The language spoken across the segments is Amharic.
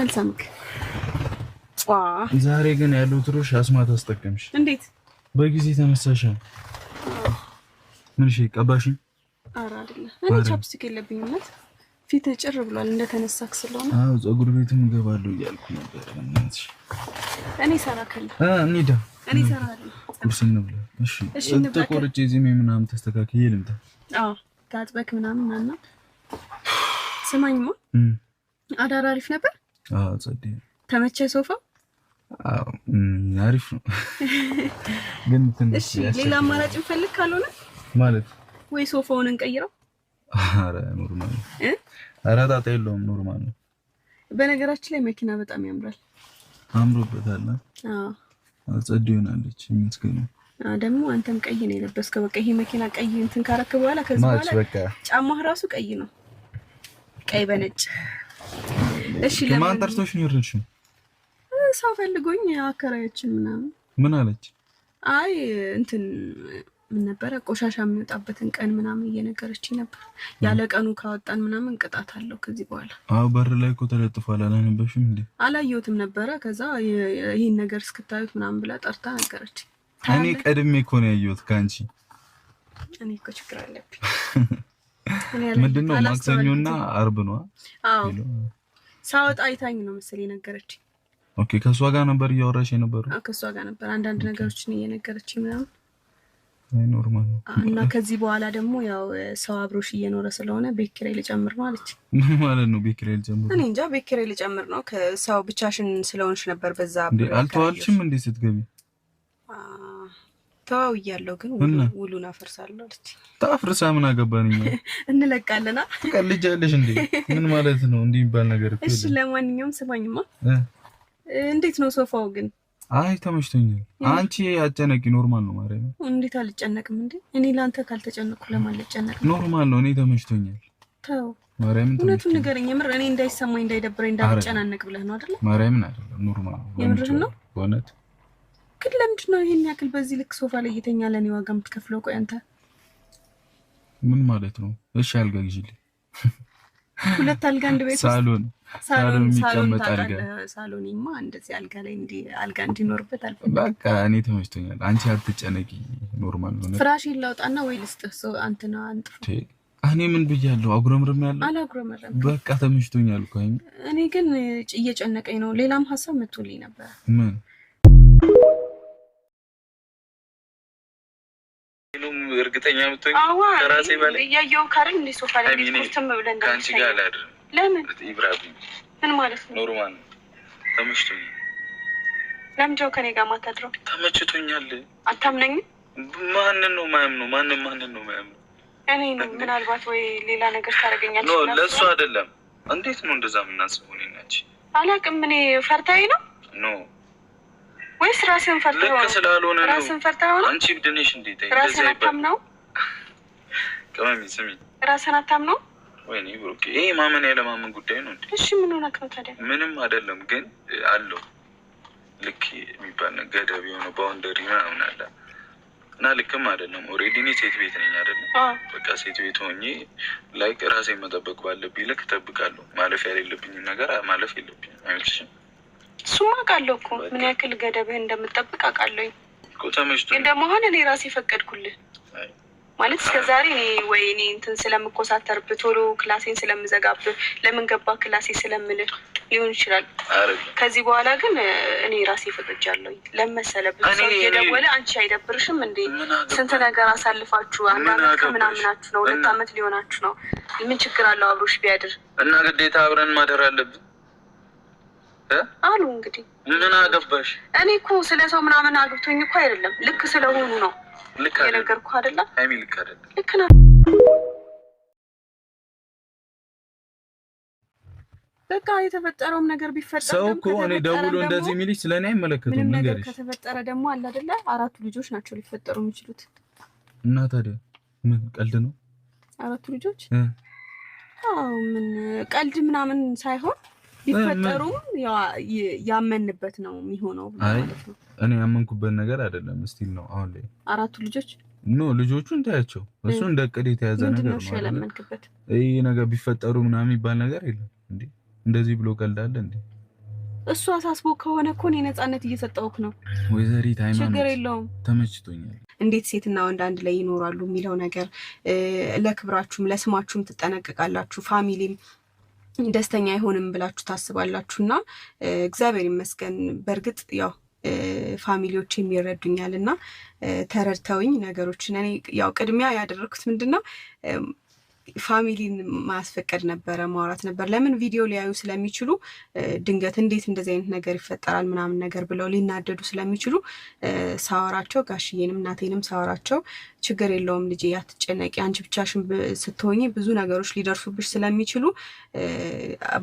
ያልሰምክ ዛሬ ግን ያለው ትሮሽ አስማት አስጠቀምሽ። እንዴት በጊዜ ተነሳሽ? ምን እሺ፣ ቀባሽ? ኧረ አይደለም፣ እኔ ቻፕስቲክ የለብኝም። እውነት ፊት ጭር ብሏል እንደተነሳክ ስለሆነ። አዎ፣ ፀጉር ቤትም እገባለሁ እያልኩ ነበር። እኔ ሰራከለ አ እንሂዳ፣ እኔ ሰራለሁ። ቁርስ እንብላ። እሺ፣ ተቆርጬ ጺሜ ምናምን ተስተካክዬ ልምጣ። አዎ፣ ታጥበክ ምናምን ናና። ስማኝማ፣ አዳር አሪፍ ነበር ተመቸ ሶፋ አሪፍ ነው፣ ግን ትንሽ ሌላ አማራጭ እንፈልግ ካልሆነ ማለት ወይ ሶፋውን እንቀይረው። አረ ኖርማል አረ ጣጣ የለውም ኖርማል ነው። በነገራችን ላይ መኪና በጣም ያምራል። አምሮበታል። አዎ ጸድ ይሆናለች የምትገኘው ደግሞ አንተም ቀይ ነው የለበስከው። በቃ ይሄ መኪና ቀይ እንትን ካረክ በኋላ ከዚህ በኋላ ጫማህ ራሱ ቀይ ነው፣ ቀይ በነጭ እሺ ለማን ጠርቶሽ ነው የወረድሽው? ሰው ፈልጎኝ አከራያችን ምናምን። ምን አለች? አይ እንትን ምን ነበረ ቆሻሻ የሚወጣበትን ቀን ምናምን እየነገረች ነበር። ያለ ቀኑ ካወጣን ምናምን ቅጣት አለው ከዚህ በኋላ። አዎ በር ላይ እኮ ተለጥፏል። አላነበሽም እንዴ? አላየሁትም ነበረ። ከዛ ይህን ነገር እስክታዩት ምናምን ብላ ጠርታ ነገረች። እኔ ቀድሜ እኮ ነው ያየሁት ከአንቺ። እኔ እኮ ችግር አለብኝ። ምንድን ነው ማክሰኞና አርብ ነዋ። አዎ ሳወጣ አይታኝ ነው መሰለኝ የነገረችኝ። ኦኬ ከእሷ ጋር ነበር እያወራሽ የነበረው? ከእሷ ጋር ነበር አንዳንድ ነገሮችን እየነገረችኝ ምናምን ኖርማል ነው። እና ከዚህ በኋላ ደግሞ ያው ሰው አብሮሽ እየኖረ ስለሆነ ቤት ኪራይ ልጨምር ነው አለች። ምን ማለት ነው ቤት ኪራይ ልጨምር? እኔ እንጃ ቤት ኪራይ ልጨምር ነው። ከሰው ብቻሽን ስለሆንሽ ነበር በዛ አልተዋልሽም እንዴ ስትገቢ ተዋውያለሁ ግን ውሉን አፈርሳለሁ። ታፍርሳ ምን አገባን? እንለቃለና ትቀልጃለሽ እንዴ? ምን ማለት ነው? እንዲህ የሚባል ነገር እኮ። እሺ ለማንኛውም ስማኝማ፣ እንዴት ነው ሶፋው ግን? አይ ተመችቶኛል። አንቺ አጨነቂ ኖርማል ነው ማለት ነው። እንዴት አልጨነቅም እንዴ? እኔ ለአንተ ካልተጨነቅኩ ለማን ልጨነቅ? ኖርማል ነው። እኔ ተመችቶኛል። ተው ማርያምን፣ እውነቱን ንገረኝ። የምር እኔ እንዳይሰማኝ እንዳይደብረኝ እንዳልጨናነቅ ብለህ ነው አይደለ? ማርያምን አይደለም፣ ኖርማል ነው። የምርህን ነው በእውነት ግን ለምንድን ነው ይሄን ያክል በዚህ ልክ ሶፋ ላይ እየተኛ ለእኔ ዋጋ የምትከፍለው? ቆይ አንተ ምን ማለት ነው? እሺ አልጋ ግዢልኝ። ሁለት አልጋ አንድ ቤት ሳሎን ሳሎን የሚቀመጥ አልጋ ሳሎንማ እንደዚህ አልጋ ላይ እንዲ አልጋ እንዲኖርበት አልፈልግም። በቃ እኔ ተመችቶኛል። አንቺ አትጨነቂ። ኖርማል ሆነ ፍራሽ ላውጣና ወይ ልስጥህ? ሰው ነው አንጥፎ እኔ ምን ብያለሁ? አጉረምርም ያለው አላጉረምርም። በቃ ተመችቶኛል እኮ እኔ ግን እየጨነቀኝ ነው። ሌላም ሀሳብ መቶልኝ ነበር ምን እርግጠኛ የምትሆኝ ከራሴ በላይ እያየሁህ ካረኝ እንደ ሶፋ ላይ ቁርትም ብለን ከአንቺ ጋር አላድርም። ለምን ኢብራቢ ምን ማለት ነው? ኖርማል ተመችቶኛል። ለምንድነው ከኔ ጋር ማታድረው? ተመችቶኛል። አታምነኝም? ማንን ነው ማያምነው? ማንም ማንን ነው ማያምነው? እኔ ነው ምናልባት ወይ ሌላ ነገር ታደርገኛለች። ኖ ለእሱ አይደለም። እንዴት ነው እንደዛ የምናስበው? እኔ ናች አላቅም። እኔ ፈርታዊ ነው ኖ ወይስ ራስን ፈርተህ ልክ ስላልሆነ ነው? ራስን ፈርተህ ሆነ። አንቺ ብድንሽ ነሽ እንዴ? ራስን አታም ነው ቅመሚ። ስሚ ራስን አታም ነው። ወይኔ ብሩኬ፣ ይሄ ማመን ያለ ማመን ጉዳይ ነው እንዴ? እሺ ምን ሆነ ነው ታዲያ? ምንም አይደለም፣ ግን አለው ልክ የሚባል ገደብ የሆነ ባውንደሪ ምናምን አለ እና ልክም አይደለም። ኦልሬዲ እኔ ሴት ቤት ነኝ አይደለም? በቃ ሴት ቤት ሆኜ ላይክ ራሴን መጠበቅ ባለብኝ ልክ እጠብቃለሁ። ማለፍ ያሌለብኝም ነገር ማለፍ የለብኝም። አይመችሽም? እሱማ አውቃለሁ እኮ ምን ያክል ገደብህ እንደምጠብቅ አውቃለሁኝ። ግን ደግሞ አሁን እኔ ራሴ ፈቀድኩልህ ማለት እስከ ዛሬ እኔ ወይ እኔ እንትን ስለምኮሳተርብህ ቶሎ ክላሴን ስለምዘጋብህ ለምን ገባ ክላሴ ስለምልህ ሊሆን ይችላል። ከዚህ በኋላ ግን እኔ ራሴ ፈቅጃለሁ። ለምን መሰለህ ብዙ ሰው እየደወለ አንቺ አይደብርሽም እንዴ? ስንት ነገር አሳልፋችሁ አንድ አመት ከምናምናችሁ ነው፣ ሁለት አመት ሊሆናችሁ ነው። ምን ችግር አለው አብሮሽ ቢያድር? እና ግዴታ አብረን ማደር አለብን አሉ እንግዲህ ምን አገባሽ? እኔ እኮ ስለ ሰው ምናምን አግብቶኝ እኮ አይደለም። ልክ ስለሆኑ ነው የነገርኩህ አይደለም። ልክ አይደለም። ልክ ነው። በቃ የተፈጠረውም ነገር ቢፈጠር ሰው እኮ እኔ ደውሎ እንደዚህ የሚልሽ ስለ እኔ አይመለከቱም። ምንም ነገር ከተፈጠረ ደግሞ አለ አይደለ፣ አራቱ ልጆች ናቸው ሊፈጠሩ የሚችሉት። እና ታዲያ ምን ቀልድ ነው አራቱ ልጆች? ምን ቀልድ ምናምን ሳይሆን ቢፈጠሩም ያመንበት ነው የሚሆነው። እኔ ያመንኩበት ነገር አይደለም ስቲል ነው አሁን ላይ አራቱ ልጆች ኖ ልጆቹን ታያቸው እሱ እንደ እቅድ የተያዘ ነገር ይህ ነገር ቢፈጠሩ ምናምን የሚባል ነገር የለም። እንዲ እንደዚህ ብሎ ቀልዳለ እንዲ እሱ አሳስቦ ከሆነ እኮ እኔ ነፃነት እየሰጠውክ ነው። ወይዘሪት ችግር የለውም ተመችቶኛል። እንዴት ሴትና ወንድ አንድ ላይ ይኖራሉ የሚለው ነገር ለክብራችሁም ለስማችሁም ትጠነቀቃላችሁ ፋሚሊም ደስተኛ አይሆንም ብላችሁ ታስባላችሁ። እና እግዚአብሔር ይመስገን በእርግጥ ያው ፋሚሊዎች የሚረዱኛል እና ተረድተውኝ ነገሮችን እኔ ያው ቅድሚያ ያደረግኩት ምንድን ነው ፋሚሊን ማስፈቀድ ነበረ፣ ማውራት ነበር። ለምን ቪዲዮ ሊያዩ ስለሚችሉ ድንገት እንዴት እንደዚህ አይነት ነገር ይፈጠራል ምናምን ነገር ብለው ሊናደዱ ስለሚችሉ ሳወራቸው፣ ጋሽዬንም እናቴንም ሳወራቸው ችግር የለውም ልጄ ያትጨነቂ አንቺ ብቻሽን ስትሆኝ ብዙ ነገሮች ሊደርሱብሽ ስለሚችሉ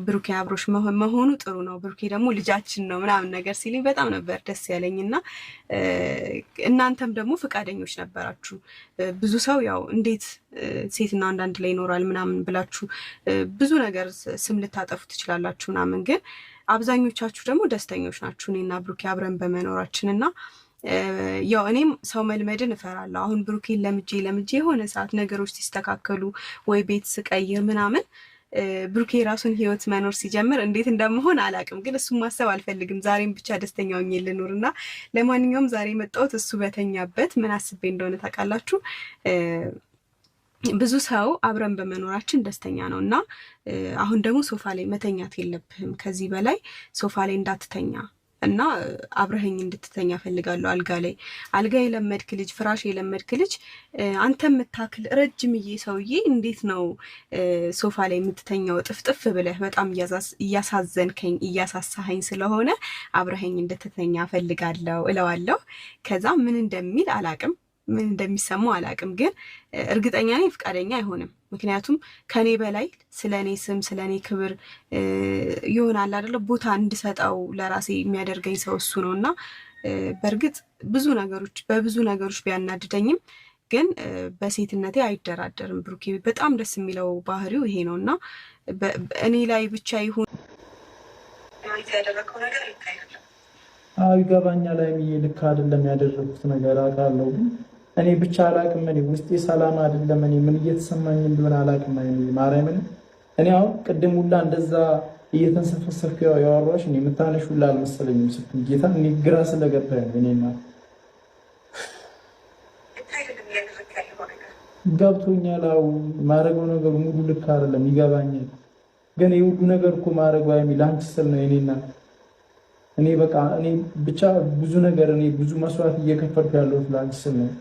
ብሩኬ አብሮሽ መሆኑ ጥሩ ነው፣ ብሩኬ ደግሞ ልጃችን ነው ምናምን ነገር ሲልኝ በጣም ነበር ደስ ያለኝ እና እናንተም ደግሞ ፈቃደኞች ነበራችሁ ብዙ ሰው ያው እንዴት ሴትና አንዳንድ ላይ ይኖራል ምናምን ብላችሁ ብዙ ነገር ስም ልታጠፉ ትችላላችሁ ምናምን። ግን አብዛኞቻችሁ ደግሞ ደስተኞች ናችሁ እኔና ብሩኬ አብረን በመኖራችን እና ያው እኔም ሰው መልመድን እፈራለሁ። አሁን ብሩኬን ለምጄ ለምጄ የሆነ ሰዓት ነገሮች ሲስተካከሉ ወይ ቤት ስቀይር ምናምን ብሩኬ የራሱን ህይወት መኖር ሲጀምር እንዴት እንደመሆን አላቅም፣ ግን እሱም ማሰብ አልፈልግም። ዛሬም ብቻ ደስተኛ ሆኜ ልኖር እና ለማንኛውም ዛሬ መጣሁት እሱ በተኛበት ምን አስቤ እንደሆነ ታውቃላችሁ ብዙ ሰው አብረን በመኖራችን ደስተኛ ነው እና አሁን ደግሞ ሶፋ ላይ መተኛት የለብህም ከዚህ በላይ ሶፋ ላይ እንዳትተኛ እና አብረህኝ እንድትተኛ ፈልጋለሁ። አልጋ ላይ አልጋ የለመድክ ልጅ፣ ፍራሽ የለመድክ ልጅ፣ አንተ የምታክል ረጅምዬ ሰውዬ እንዴት ነው ሶፋ ላይ የምትተኛው? ጥፍጥፍ ብለህ በጣም እያሳዘንከኝ እያሳሳኸኝ ስለሆነ አብረህኝ እንድትተኛ ፈልጋለሁ እለዋለሁ። ከዛ ምን እንደሚል አላቅም ምን እንደሚሰማው አላውቅም፣ ግን እርግጠኛ ነኝ ፈቃደኛ አይሆንም። ምክንያቱም ከኔ በላይ ስለ እኔ ስም ስለ እኔ ክብር ይሆናል አይደለ ቦታ እንድሰጠው ለራሴ የሚያደርገኝ ሰው እሱ ነው እና በእርግጥ ብዙ ነገሮች በብዙ ነገሮች ቢያናድደኝም ግን በሴትነቴ አይደራደርም። ብሩኬ በጣም ደስ የሚለው ባህሪው ይሄ ነው እና እኔ ላይ ብቻ ይሁን ያደረገው ነገር አዎ ላይ ሀይሚዬ ልክ አይደለም ያደረኩት ነገር አውቃለሁ፣ ግን እኔ ብቻ አላቅም። እኔ ውስጤ ሰላም አይደለም። እኔ ምን እየተሰማኝ እንደሆነ አላቅም። ሀይሚዬ ማርያምን እኔ አሁን ቅድም ሁላ እንደዛ እየተንሰፈሰፍክ ያወራሽ እኔ የምታነሽ ሁላ አልመሰለኝም። ስትይ ጌታ እኔ ግራ ስለገባኝ እኔ ና ገብቶኛል። አዎ ማድረገው ነገር ሙሉ ልክ አይደለም፣ ይገባኛል። ግን የሁሉ ነገር እኮ ማድረገው ሀይሚ ለአንቺ ስል ነው እኔና እኔ በቃ እኔ ብቻ ብዙ ነገር እኔ ብዙ መስዋዕት እየከፈልኩ ያለው ለአንቺ ስም ነው።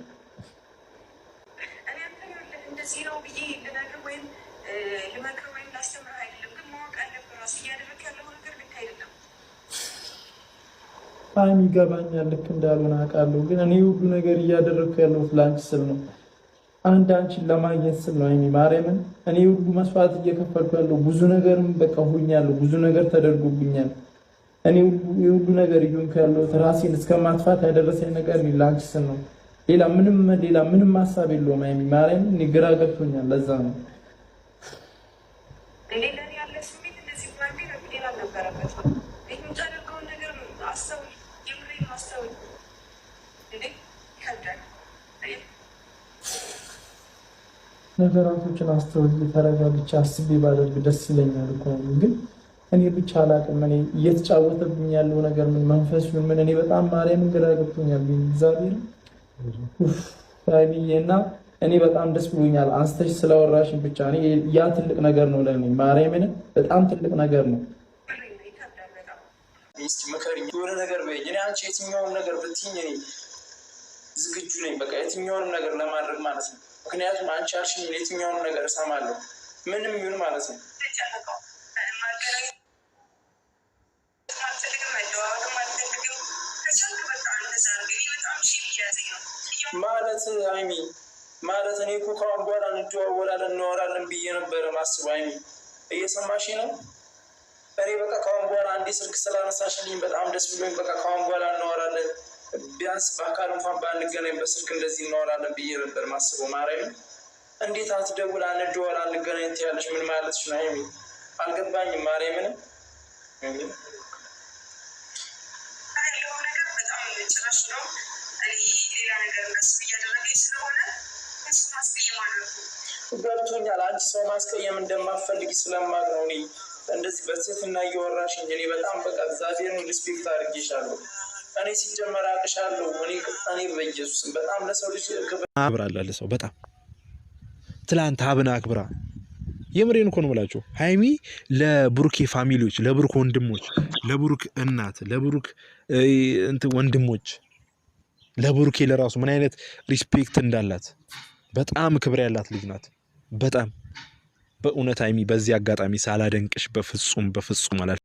ጣም ይገባኛል። ልክ እንዳልሆነ አውቃለሁ፣ ግን እኔ ሁሉ ነገር እያደረግኩ ያለሁት ለአንቺ ስል ነው። አንድ አንቺን ለማግኘት ስል ነው። አይሚ ማርያምን፣ እኔ ሁሉ መስዋዕት እየከፈልኩ ያለሁ ብዙ ነገርም በቃ ሁኛለሁ፣ ብዙ ነገር ተደርጎብኛል። እኔ ሁሉ ነገር እዩን ያለሁት ራሴን እስከ ማጥፋት ያደረሰኝ ነገር ላንቺ ስል ነው። ሌላ ምንም ሌላ ምንም ሀሳብ የለውም። ሀይሚ ማርያም እኔ ግራ ገብቶኛል። ለዛ ነው ነገራቶችን አስተውዬ ተረጋግቼ አስቤ ባደርግ ደስ ይለኛል እኮ ግን እኔ ብቻ አላቅም። እኔ እየተጫወተብኝ ያለው ነገር ምን መንፈስ ምን እኔ በጣም ማርያም ግራ ገብቶኛል። እግዚአብሔር ብዬ እና እኔ በጣም ደስ ብሎኛል አንስተሽ ስላወራሽ ብቻ። ያ ትልቅ ነገር ነው ለእኔ ማርያምን፣ በጣም ትልቅ ነገር ነው። የሆነ ነገር በይኝ። እኔ አንቺ የትኛውም ነገር ብትይኝ እኔ ዝግጁ ነኝ። በቃ የትኛውንም ነገር ለማድረግ ማለት ነው። ምክንያቱም አንቺ አልሽኝ የትኛውንም ነገር እሰማለሁ ምንም ይሁን ማለት ነው። ማለት አይሚ ማለት እኔ እኮ ከአሁን በኋላ እንደዋወላለን እናወራለን ብዬ ነበር ማስበው። አይሚ እየሰማሽ ነው? እኔ በቃ ከአሁን በኋላ አንዴ ስልክ ስላነሳሽልኝ በጣም ደስ ብሎኝ በቃ ከአሁን በኋላ እናወራለን፣ ቢያንስ በአካል እንኳን ባንገናኝ በስልክ እንደዚህ እናወራለን ብዬ ነበር ማስቡ። ማርያም እንዴት አትደውል አንደዋወላ አንገናኝ ትያለሽ? ምን ማለትሽ ነው አይሚ? አልገባኝም። ማርያምንም ነገር እነሱ ገብቶኛል። አንቺ ሰው ማስቀየም እንደማፈልግ ስለማቅ ነው እኔ እንደዚህ በትህትና እየወራሽ እንጂ እኔ በጣም በቃ እግዚአብሔርን ሪስፔክት አድርጌሻለሁ። እኔ ሲጀመር አቅሻለሁ። እኔ በኢየሱስም በጣም ለሰው ልጅ አብራላ ለሰው በጣም ትላንት ሀብን አክብራ የምሬን እኮ ነው የምላቸው። ሀይሚ ለብሩክ ፋሚሊዎች፣ ለብሩክ ወንድሞች፣ ለብሩክ እናት፣ ለብሩክ ወንድሞች ለብሩኬ ለራሱ ምን አይነት ሪስፔክት እንዳላት በጣም ክብር ያላት ልጅ ናት። በጣም በእውነት ሀይሚ፣ በዚህ አጋጣሚ ሳላደንቅሽ በፍጹም በፍጹም አላልኩም።